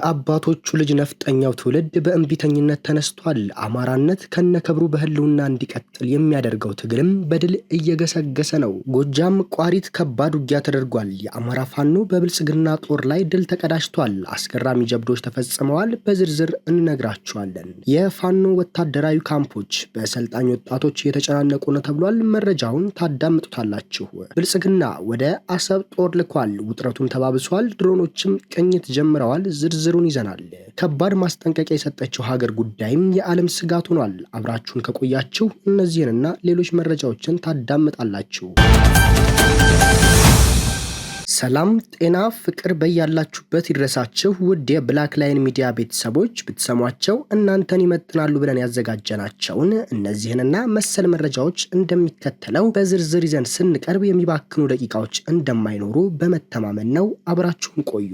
የአባቶቹ ልጅ ነፍጠኛው ትውልድ በእንቢተኝነት ተነስቷል። አማራነት ከነከብሩ በህልውና እንዲቀጥል የሚያደርገው ትግልም በድል እየገሰገሰ ነው። ጎጃም ቋሪት ከባድ ውጊያ ተደርጓል። የአማራ ፋኖ በብልጽግና ጦር ላይ ድል ተቀዳጅቷል። አስገራሚ ጀብዶች ተፈጽመዋል። በዝርዝር እንነግራችኋለን። የፋኖ ወታደራዊ ካምፖች በሰልጣኝ ወጣቶች እየተጨናነቁ ነው ተብሏል። መረጃውን ታዳምጡታላችሁ። ብልጽግና ወደ አሰብ ጦር ልኳል። ውጥረቱን ተባብሷል። ድሮኖችም ቅኝት ጀምረዋል። ዝርዝር ዝርዝሩን ይዘናል። ከባድ ማስጠንቀቂያ የሰጠችው ሀገር ጉዳይም የዓለም ስጋት ሆኗል። አብራችሁን ከቆያችሁ እነዚህንና ሌሎች መረጃዎችን ታዳምጣላችሁ። ሰላም ጤና ፍቅር በያላችሁበት ይድረሳችሁ ውድ የብላክ ላይን ሚዲያ ቤተሰቦች ብትሰሟቸው እናንተን ይመጥናሉ ብለን ያዘጋጀናቸውን እነዚህንና መሰል መረጃዎች እንደሚከተለው በዝርዝር ይዘን ስንቀርብ የሚባክኑ ደቂቃዎች እንደማይኖሩ በመተማመን ነው። አብራችሁን ቆዩ።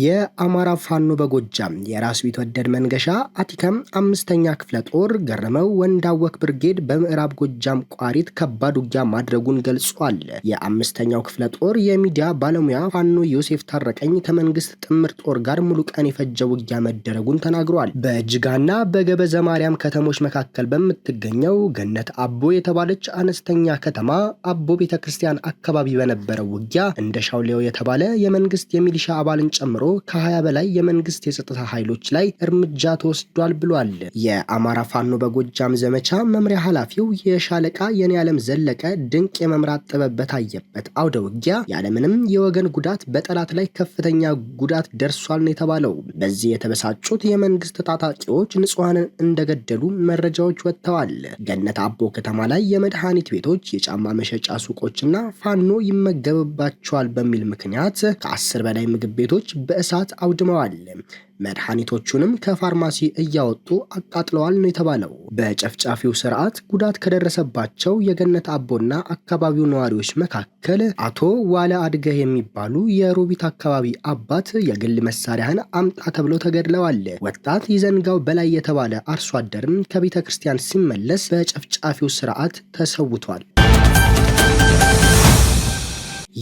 የአማራ ፋኖ በጎጃም የራስ ቢትወደድ መንገሻ አቲከም አምስተኛ ክፍለ ጦር ገረመው ወንዳወክ ብርጌድ በምዕራብ ጎጃም ቋሪት ከባድ ውጊያ ማድረጉን ገልጿል። የአምስተኛው ክፍለ ጦር የሚዲያ ባለሙያ ፋኖ ዮሴፍ ታረቀኝ ከመንግስት ጥምር ጦር ጋር ሙሉ ቀን የፈጀ ውጊያ መደረጉን ተናግሯል። በጅጋና በገበዘ ማርያም ከተሞች መካከል በምትገኘው ገነት አቦ የተባለች አነስተኛ ከተማ አቦ ቤተ ክርስቲያን አካባቢ በነበረው ውጊያ እንደ ሻውሌው የተባለ የመንግስት የሚሊሻ አባልን ጨምሮ ጨምሮ ከ20 በላይ የመንግስት የጸጥታ ኃይሎች ላይ እርምጃ ተወስዷል ብሏል። የአማራ ፋኖ በጎጃም ዘመቻ መምሪያ ኃላፊው የሻለቃ የኔ ዓለም ዘለቀ ድንቅ የመምራት ጥበብ በታየበት አውደ ውጊያ ያለምንም የወገን ጉዳት በጠላት ላይ ከፍተኛ ጉዳት ደርሷል ነው የተባለው። በዚህ የተበሳጩት የመንግስት ታጣቂዎች ንጹሐንን እንደገደሉ መረጃዎች ወጥተዋል። ገነት አቦ ከተማ ላይ የመድኃኒት ቤቶች፣ የጫማ መሸጫ ሱቆችና ፋኖ ይመገብባቸዋል በሚል ምክንያት ከአስር በላይ ምግብ ቤቶች በእሳት አውድመዋል። መድኃኒቶቹንም ከፋርማሲ እያወጡ አቃጥለዋል ነው የተባለው። በጨፍጫፊው ስርዓት ጉዳት ከደረሰባቸው የገነት አቦና አካባቢው ነዋሪዎች መካከል አቶ ዋለ አድገህ የሚባሉ የሮቢት አካባቢ አባት የግል መሳሪያህን አምጣ ተብለው ተገድለዋል። ወጣት ይዘንጋው በላይ የተባለ አርሶ አደርም ከቤተ ክርስቲያን ሲመለስ በጨፍጫፊው ስርዓት ተሰውቷል።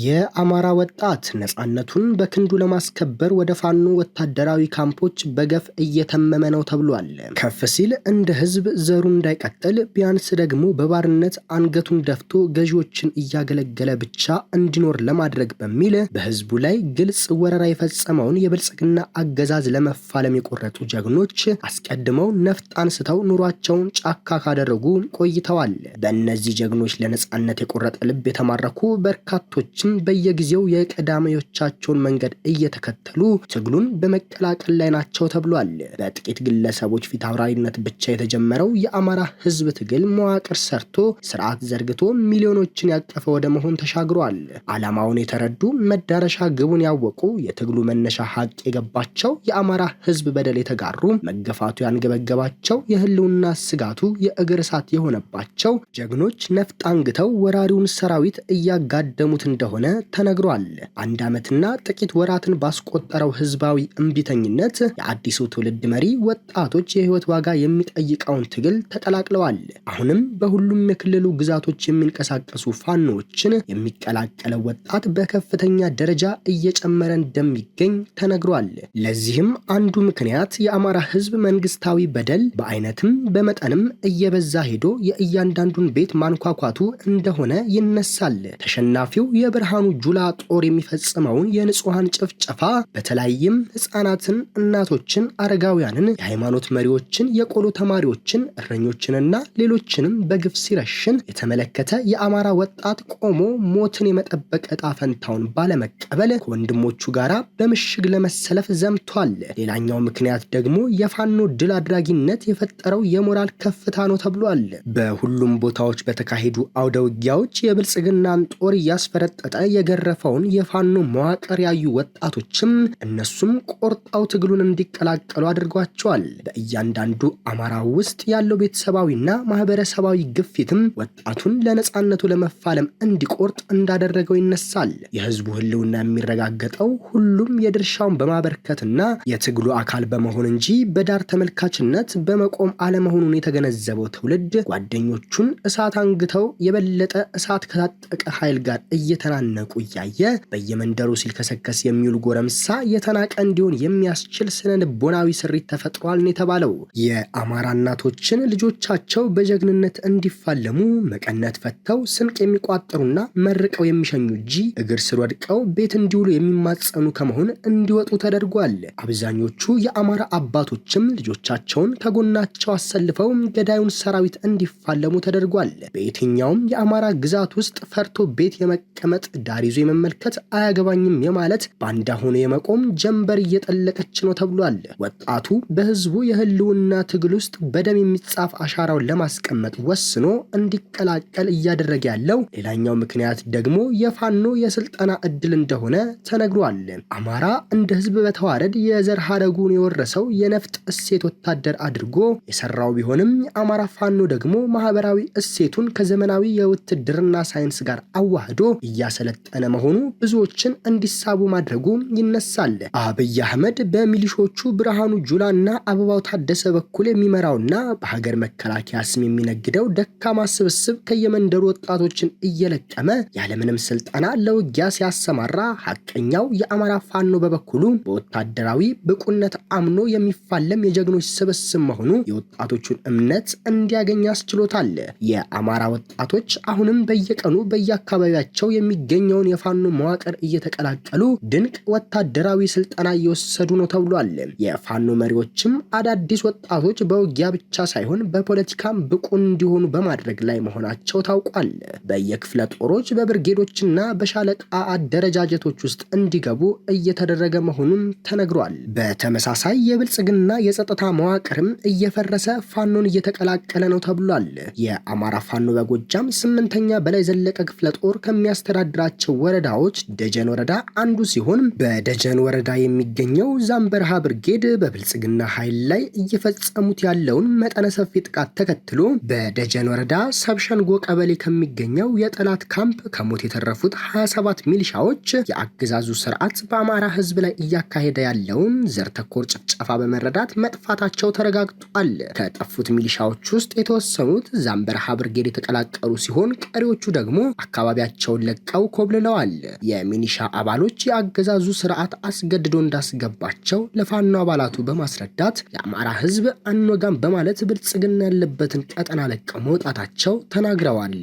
የአማራ ወጣት ነፃነቱን በክንዱ ለማስከበር ወደ ፋኖ ወታደራዊ ካምፖች በገፍ እየተመመ ነው ተብሏል። ከፍ ሲል እንደ ህዝብ ዘሩ እንዳይቀጥል ቢያንስ ደግሞ በባርነት አንገቱን ደፍቶ ገዢዎችን እያገለገለ ብቻ እንዲኖር ለማድረግ በሚል በህዝቡ ላይ ግልጽ ወረራ የፈጸመውን የብልጽግና አገዛዝ ለመፋለም የቆረጡ ጀግኖች አስቀድመው ነፍጥ አንስተው ኑሯቸውን ጫካ ካደረጉ ቆይተዋል። በእነዚህ ጀግኖች ለነፃነት የቆረጠ ልብ የተማረኩ በርካቶች ኃይሎችን በየጊዜው የቀዳሚዎቻቸውን መንገድ እየተከተሉ ትግሉን በመቀላቀል ላይ ናቸው ተብሏል። በጥቂት ግለሰቦች ፊት አውራሪነት ብቻ የተጀመረው የአማራ ህዝብ ትግል መዋቅር ሰርቶ ስርዓት ዘርግቶ ሚሊዮኖችን ያቀፈ ወደ መሆን ተሻግሯል። አላማውን የተረዱ መዳረሻ ግቡን ያወቁ የትግሉ መነሻ ሀቅ የገባቸው የአማራ ህዝብ በደል የተጋሩ መገፋቱ ያንገበገባቸው የህልውና ስጋቱ የእግር እሳት የሆነባቸው ጀግኖች ነፍጥ አንግተው ወራሪውን ሰራዊት እያጋደሙት እንደሆነ እንደሆነ ተነግሯል። አንድ ዓመትና ጥቂት ወራትን ባስቆጠረው ህዝባዊ እምቢተኝነት የአዲሱ ትውልድ መሪ ወጣቶች የህይወት ዋጋ የሚጠይቀውን ትግል ተቀላቅለዋል። አሁንም በሁሉም የክልሉ ግዛቶች የሚንቀሳቀሱ ፋኖዎችን የሚቀላቀለው ወጣት በከፍተኛ ደረጃ እየጨመረ እንደሚገኝ ተነግሯል። ለዚህም አንዱ ምክንያት የአማራ ህዝብ መንግስታዊ በደል በአይነትም በመጠንም እየበዛ ሄዶ የእያንዳንዱን ቤት ማንኳኳቱ እንደሆነ ይነሳል። ተሸናፊው የበ የብርሃኑ ጁላ ጦር የሚፈጽመውን የንጹሐን ጭፍጨፋ በተለይም ህጻናትን፣ እናቶችን፣ አረጋውያንን፣ የሃይማኖት መሪዎችን፣ የቆሎ ተማሪዎችን፣ እረኞችንና ሌሎችንም በግፍ ሲረሽን የተመለከተ የአማራ ወጣት ቆሞ ሞትን የመጠበቅ ዕጣ ፈንታውን ባለመቀበል ከወንድሞቹ ጋር በምሽግ ለመሰለፍ ዘምቷል። ሌላኛው ምክንያት ደግሞ የፋኖ ድል አድራጊነት የፈጠረው የሞራል ከፍታ ነው ተብሏል። በሁሉም ቦታዎች በተካሄዱ አውደ ውጊያዎች የብልጽግናን ጦር እያስፈረጠ እየቀጠቀጠ የገረፈውን የፋኖ መዋቅር ያዩ ወጣቶችም እነሱም ቆርጣው ትግሉን እንዲቀላቀሉ አድርጓቸዋል። በእያንዳንዱ አማራ ውስጥ ያለው ቤተሰባዊና ማህበረሰባዊ ግፊትም ወጣቱን ለነፃነቱ ለመፋለም እንዲቆርጥ እንዳደረገው ይነሳል። የህዝቡ ህልውና የሚረጋገጠው ሁሉም የድርሻውን በማበርከትና የትግሉ አካል በመሆን እንጂ በዳር ተመልካችነት በመቆም አለመሆኑን የተገነዘበው ትውልድ ጓደኞቹን እሳት አንግተው የበለጠ እሳት ከታጠቀ ኃይል ጋር እየተና ሲናነቁ እያየ በየመንደሩ ሲልከሰከስ የሚውል ጎረምሳ የተናቀ እንዲሆን የሚያስችል ስነ ልቦናዊ ስሪት ተፈጥሯል ነው የተባለው። የአማራ እናቶችን ልጆቻቸው በጀግንነት እንዲፋለሙ መቀነት ፈተው ስንቅ የሚቋጠሩና መርቀው የሚሸኙ እንጂ እግር ስር ወድቀው ቤት እንዲውሉ የሚማጸኑ ከመሆን እንዲወጡ ተደርጓል። አብዛኞቹ የአማራ አባቶችም ልጆቻቸውን ከጎናቸው አሰልፈው ገዳዩን ሰራዊት እንዲፋለሙ ተደርጓል። በየትኛውም የአማራ ግዛት ውስጥ ፈርቶ ቤት የመቀመጥ የመቁረጥ ዳር ይዞ የመመልከት አያገባኝም የማለት ባንዳ ሆኖ የመቆም ጀንበር እየጠለቀች ነው ተብሏል። ወጣቱ በህዝቡ የህልውና ትግል ውስጥ በደም የሚጻፍ አሻራውን ለማስቀመጥ ወስኖ እንዲቀላቀል እያደረገ ያለው ሌላኛው ምክንያት ደግሞ የፋኖ የስልጠና እድል እንደሆነ ተነግሯል። አማራ እንደ ህዝብ በተዋረድ የዘር ሀረጉን የወረሰው የነፍጥ እሴት ወታደር አድርጎ የሰራው ቢሆንም የአማራ ፋኖ ደግሞ ማህበራዊ እሴቱን ከዘመናዊ የውትድርና ሳይንስ ጋር አዋህዶ እያ ያሰለጠነ መሆኑ ብዙዎችን እንዲሳቡ ማድረጉ ይነሳል። አብይ አህመድ በሚሊሾቹ ብርሃኑ ጁላ እና አበባው ታደሰ በኩል የሚመራውና በሀገር መከላከያ ስም የሚነግደው ደካማ ስብስብ ከየመንደሩ ወጣቶችን እየለቀመ ያለምንም ስልጠና ለውጊያ ሲያሰማራ፣ ሀቀኛው የአማራ ፋኖ በበኩሉ በወታደራዊ ብቁነት አምኖ የሚፋለም የጀግኖች ስብስብ መሆኑ የወጣቶቹን እምነት እንዲያገኝ አስችሎታል። የአማራ ወጣቶች አሁንም በየቀኑ በየአካባቢያቸው የሚ የሚገኘውን የፋኖ መዋቅር እየተቀላቀሉ ድንቅ ወታደራዊ ስልጠና እየወሰዱ ነው ተብሏል። የፋኖ መሪዎችም አዳዲስ ወጣቶች በውጊያ ብቻ ሳይሆን በፖለቲካም ብቁ እንዲሆኑ በማድረግ ላይ መሆናቸው ታውቋል። በየክፍለ ጦሮች በብርጌዶችና በሻለቃ አደረጃጀቶች ውስጥ እንዲገቡ እየተደረገ መሆኑም ተነግሯል። በተመሳሳይ የብልጽግና የጸጥታ መዋቅርም እየፈረሰ ፋኖን እየተቀላቀለ ነው ተብሏል። የአማራ ፋኖ በጎጃም ስምንተኛ በላይ ዘለቀ ክፍለ ጦር ከሚያስተዳድ የሚያስተዳድራቸው ወረዳዎች ደጀን ወረዳ አንዱ ሲሆን በደጀን ወረዳ የሚገኘው ዛምበርሃ ብርጌድ በብልጽግና ኃይል ላይ እየፈጸሙት ያለውን መጠነ ሰፊ ጥቃት ተከትሎ በደጀን ወረዳ ሰብሸንጎ ቀበሌ ከሚገኘው የጠላት ካምፕ ከሞት የተረፉት 27 ሚሊሻዎች የአገዛዙ ስርዓት በአማራ ህዝብ ላይ እያካሄደ ያለውን ዘር ተኮር ጭፍጨፋ በመረዳት መጥፋታቸው ተረጋግጧል። ከጠፉት ሚሊሻዎች ውስጥ የተወሰኑት ዛምበርሃ ብርጌድ የተቀላቀሉ ሲሆን ቀሪዎቹ ደግሞ አካባቢያቸውን ለቀው ወድቀው ኮብልለዋል። የሚኒሻ አባሎች የአገዛዙ ስርዓት አስገድዶ እንዳስገባቸው ለፋኖ አባላቱ በማስረዳት የአማራ ህዝብ አንወጋም በማለት ብልጽግና ያለበትን ቀጠና ለቀው መውጣታቸው ተናግረዋል።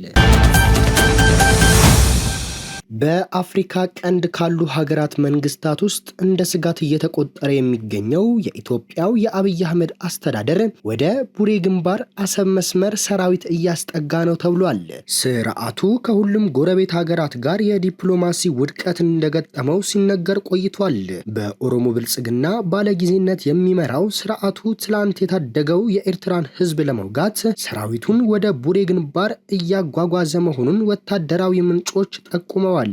በአፍሪካ ቀንድ ካሉ ሀገራት መንግስታት ውስጥ እንደ ስጋት እየተቆጠረ የሚገኘው የኢትዮጵያው የአብይ አህመድ አስተዳደር ወደ ቡሬ ግንባር አሰብ መስመር ሰራዊት እያስጠጋ ነው ተብሏል። ስርዓቱ ከሁሉም ጎረቤት ሀገራት ጋር የዲፕሎማሲ ውድቀት እንደገጠመው ሲነገር ቆይቷል። በኦሮሞ ብልጽግና ባለጊዜነት የሚመራው ስርዓቱ ትላንት የታደገው የኤርትራን ህዝብ ለመውጋት ሰራዊቱን ወደ ቡሬ ግንባር እያጓጓዘ መሆኑን ወታደራዊ ምንጮች ጠቁመዋል። ተናግረዋል።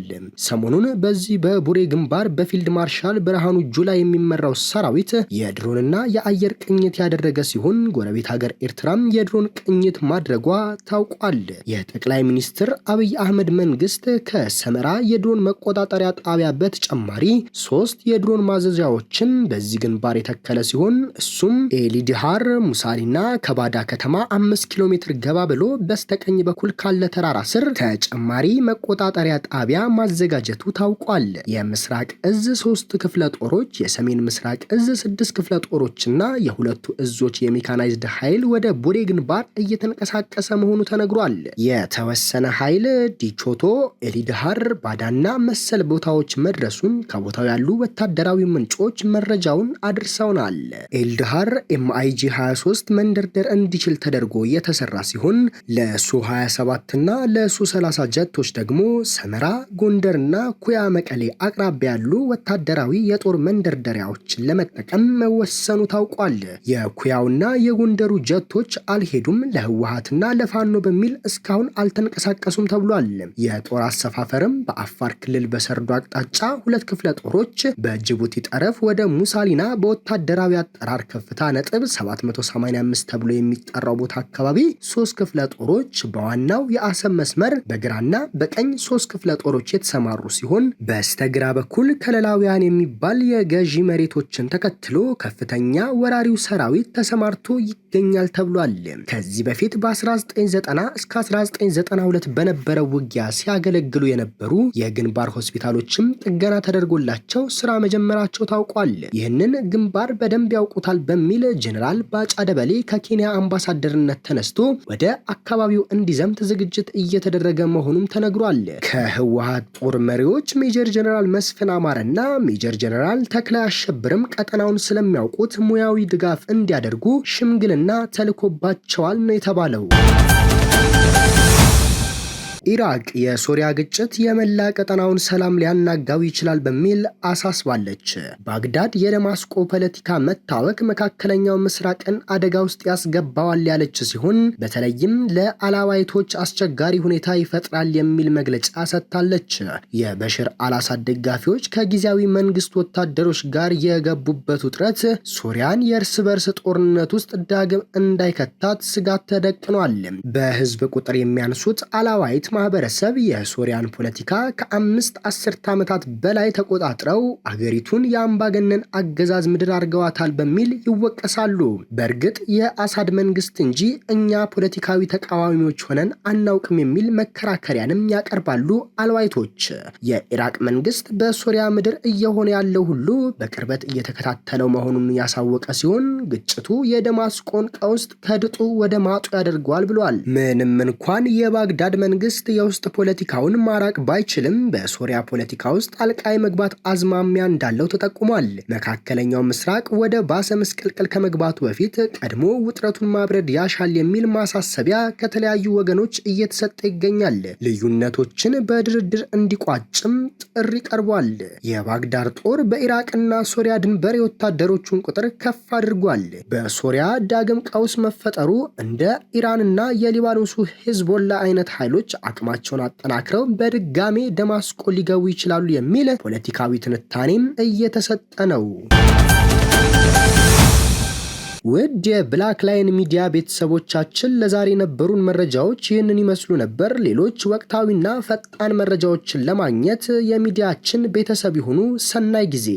ሰሞኑን በዚህ በቡሬ ግንባር በፊልድ ማርሻል ብርሃኑ ጁላ የሚመራው ሰራዊት የድሮንና የአየር ቅኝት ያደረገ ሲሆን ጎረቤት ሀገር ኤርትራም የድሮን ቅኝት ማድረጓ ታውቋል። የጠቅላይ ሚኒስትር አብይ አህመድ መንግስት ከሰመራ የድሮን መቆጣጠሪያ ጣቢያ በተጨማሪ ሶስት የድሮን ማዘዣዎችን በዚህ ግንባር የተከለ ሲሆን እሱም ኤሊድሃር፣ ሙሳሪና ከባዳ ከተማ አምስት ኪሎ ሜትር ገባ ብሎ በስተቀኝ በኩል ካለ ተራራ ስር ተጨማሪ መቆጣጠሪያ ጣቢያ ጣቢያ ማዘጋጀቱ ታውቋል። የምስራቅ እዝ ሶስት ክፍለ ጦሮች፣ የሰሜን ምስራቅ እዝ ስድስት ክፍለ ጦሮችና የሁለቱ እዞች የሜካናይዝድ ኃይል ወደ ቡሬ ግንባር እየተንቀሳቀሰ መሆኑ ተነግሯል። የተወሰነ ኃይል ዲቾቶ፣ ኤሊድሃር፣ ባዳና መሰል ቦታዎች መድረሱን ከቦታው ያሉ ወታደራዊ ምንጮች መረጃውን አድርሰውናል። ኤልድሃር ኤምአይጂ 23 መንደርደር እንዲችል ተደርጎ የተሰራ ሲሆን ለሱ 27 እና ለሱ 30 ጀቶች ደግሞ ሰመራ ጎንደርና ኩያ መቀሌ አቅራቢያ ያሉ ወታደራዊ የጦር መንደርደሪያዎችን ለመጠቀም መወሰኑ ታውቋል። የኩያውና የጎንደሩ ጀቶች አልሄዱም፣ ለህወሀትና ለፋኖ በሚል እስካሁን አልተንቀሳቀሱም ተብሏል። የጦር አሰፋፈርም በአፋር ክልል በሰርዶ አቅጣጫ ሁለት ክፍለ ጦሮች በጅቡቲ ጠረፍ ወደ ሙሳሊና በወታደራዊ አጠራር ከፍታ ነጥብ 785 ተብሎ የሚጠራው ቦታ አካባቢ ሶስት ክፍለ ጦሮች በዋናው የአሰብ መስመር በግራና በቀኝ ሶስት ክፍለ ጦር ሴክተሮች የተሰማሩ ሲሆን በስተግራ በኩል ከለላውያን የሚባል የገዢ መሬቶችን ተከትሎ ከፍተኛ ወራሪው ሰራዊት ተሰማርቶ ይገኛል ተብሏል። ከዚህ በፊት በ1990 እስከ 1992 በነበረው ውጊያ ሲያገለግሉ የነበሩ የግንባር ሆስፒታሎችም ጥገና ተደርጎላቸው ስራ መጀመራቸው ታውቋል። ይህንን ግንባር በደንብ ያውቁታል በሚል ጀኔራል ባጫ ደበሌ ከኬንያ አምባሳደርነት ተነስቶ ወደ አካባቢው እንዲዘምት ዝግጅት እየተደረገ መሆኑም ተነግሯል። ከህወ የህወሀት ጦር መሪዎች ሜጀር ጀነራል መስፍን አማረና ሜጀር ጀነራል ተክለ አሸብርም ቀጠናውን ስለሚያውቁት ሙያዊ ድጋፍ እንዲያደርጉ ሽምግልና ተልኮባቸዋል ነው የተባለው። ኢራቅ የሶሪያ ግጭት የመላ ቀጠናውን ሰላም ሊያናጋው ይችላል በሚል አሳስባለች። ባግዳድ የደማስቆ ፖለቲካ መታወክ መካከለኛው ምስራቅን አደጋ ውስጥ ያስገባዋል ያለች ሲሆን በተለይም ለአላዋይቶች አስቸጋሪ ሁኔታ ይፈጥራል የሚል መግለጫ ሰጥታለች። የበሽር አላሳድ ደጋፊዎች ከጊዜያዊ መንግስት ወታደሮች ጋር የገቡበት ውጥረት ሶሪያን የእርስ በርስ ጦርነት ውስጥ ዳግም እንዳይከታት ስጋት ተደቅኗል። በህዝብ ቁጥር የሚያንሱት አላዋይት ማህበረሰብ የሶሪያን ፖለቲካ ከአምስት አስርት ዓመታት በላይ ተቆጣጥረው አገሪቱን የአምባገነን አገዛዝ ምድር አድርገዋታል በሚል ይወቀሳሉ። በእርግጥ የአሳድ መንግስት እንጂ እኛ ፖለቲካዊ ተቃዋሚዎች ሆነን አናውቅም የሚል መከራከሪያንም ያቀርባሉ አልዋይቶች። የኢራቅ መንግስት በሶሪያ ምድር እየሆነ ያለው ሁሉ በቅርበት እየተከታተለው መሆኑን ያሳወቀ ሲሆን ግጭቱ የደማስቆን ቀውስ ከድጡ ወደ ማጡ ያደርገዋል ብሏል። ምንም እንኳን የባግዳድ መንግስት መንግስት የውስጥ ፖለቲካውን ማራቅ ባይችልም በሶሪያ ፖለቲካ ውስጥ ጣልቃይ የመግባት አዝማሚያ እንዳለው ተጠቁሟል። መካከለኛው ምስራቅ ወደ ባሰ ምስቅልቅል ከመግባቱ በፊት ቀድሞ ውጥረቱን ማብረድ ያሻል የሚል ማሳሰቢያ ከተለያዩ ወገኖች እየተሰጠ ይገኛል። ልዩነቶችን በድርድር እንዲቋጭም ጥሪ ቀርቧል። የባግዳር ጦር በኢራቅና ሶሪያ ድንበር የወታደሮቹን ቁጥር ከፍ አድርጓል። በሶሪያ ዳግም ቀውስ መፈጠሩ እንደ ኢራንና የሊባኖሱ ሂዝቦላ አይነት ኃይሎች አቅማቸውን አጠናክረው በድጋሜ ደማስቆ ሊገቡ ይችላሉ የሚል ፖለቲካዊ ትንታኔም እየተሰጠ ነው። ውድ የብላክ ላይን ሚዲያ ቤተሰቦቻችን ለዛሬ የነበሩን መረጃዎች ይህንን ይመስሉ ነበር። ሌሎች ወቅታዊና ፈጣን መረጃዎችን ለማግኘት የሚዲያችን ቤተሰብ ይሁኑ። ሰናይ ጊዜ